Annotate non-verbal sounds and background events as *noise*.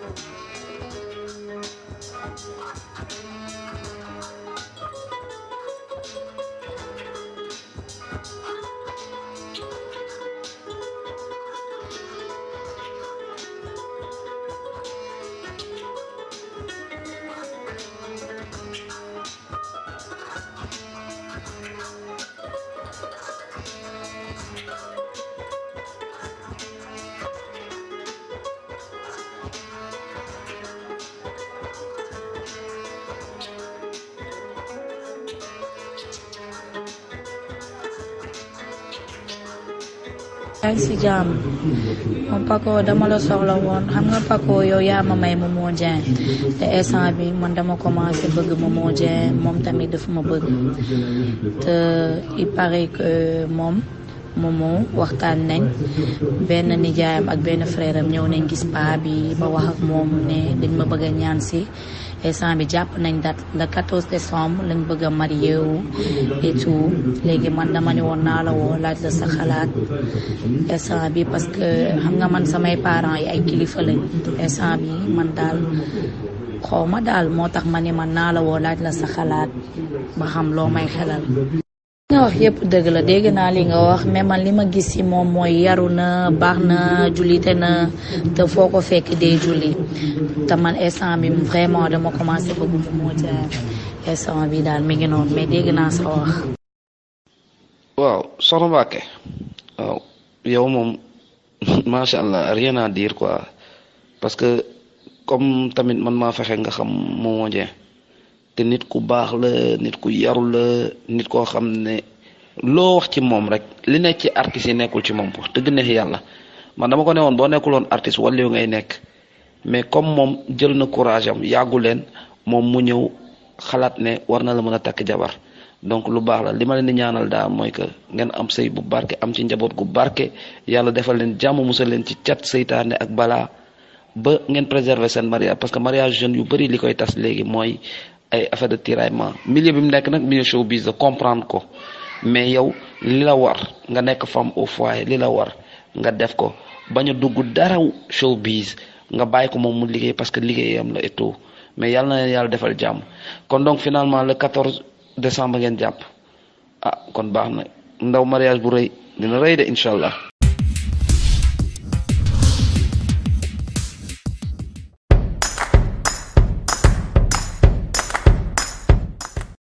Thank you. yaa ngi si jàmm moom Paco dama la soxla woon xam nga Paco yow yaa ma may Momo Dieng te instant bi man dama commencé bëgg Momo Dieng moom tamit dafa ma bëgg te il paraît que moom moom moo waxtaan nañ benn nijaayam ak benn frère ñëw nañ gis paa bi ba wax ak moom ne dañ ma bëgg ñaan si instant bi jàpp nañ date le 14 décembre lañ bëgg a marié wu et léegi man dama ne woon naa la woo laaj la sa xalaat instant bi parce que xam nga man samay parents yi ay kilifa lañ bi man daal xaw ma daal moo tax ma ne man naa la woo laaj la sa xalaat ba xam loo may xelal nga wax yëpp dëgg la dégg naa li nga wax mais man li ma gis si moom mooy yaru na baax na jullite na te foo ko fekk dee julli te man instant bi vraiment dama commencé bëgg mu moo jaar bi daal mi ngi noonu mais dégg naa sa wax. waaw soxna Mbacke waaw yow moom *laughs* macha allah rien à dire quoi parce que comme tamit man maa fexe nga xam Momo Dieng te nit ku baax la nit ku yaru la nit koo xam ne loo wax ci moom rek li nekk ci artistes yi nekkul ci moom wax dëgg neex yàlla man dama ko ne woon boo nekkul woon artiste wala ngay nekk mais comme moom jël na courage am yàggu leen moom mu ñëw xalaat ne war na la mën a takk jabar donc lu baax la li ma leen di ñaanal daal mooy que ngeen am sëy bu barke am ci njaboot gu barke yàlla defal leen jàmm musal leen ci cat seytaane ak balaa ba ngeen préserver seen mariage parce que mariage jeune yu bëri li koy tas léegi mooy ay affaire de tiraillement milieu bi mu nekk nag milieu showbiz la comprendre ko mais yow li la war nga nekk femme au foyer li la war nga def ko bañ a dugg daraw bise nga bàyyi ko moom mu liggéey parce que liggéey liggéeyam la et tout mais yàlla na yàlla defal jàmm kon donc finalement le 14 décembre ngeen jàpp ah kon baax na ndaw mariage bu rëy dina rëy de incha allah.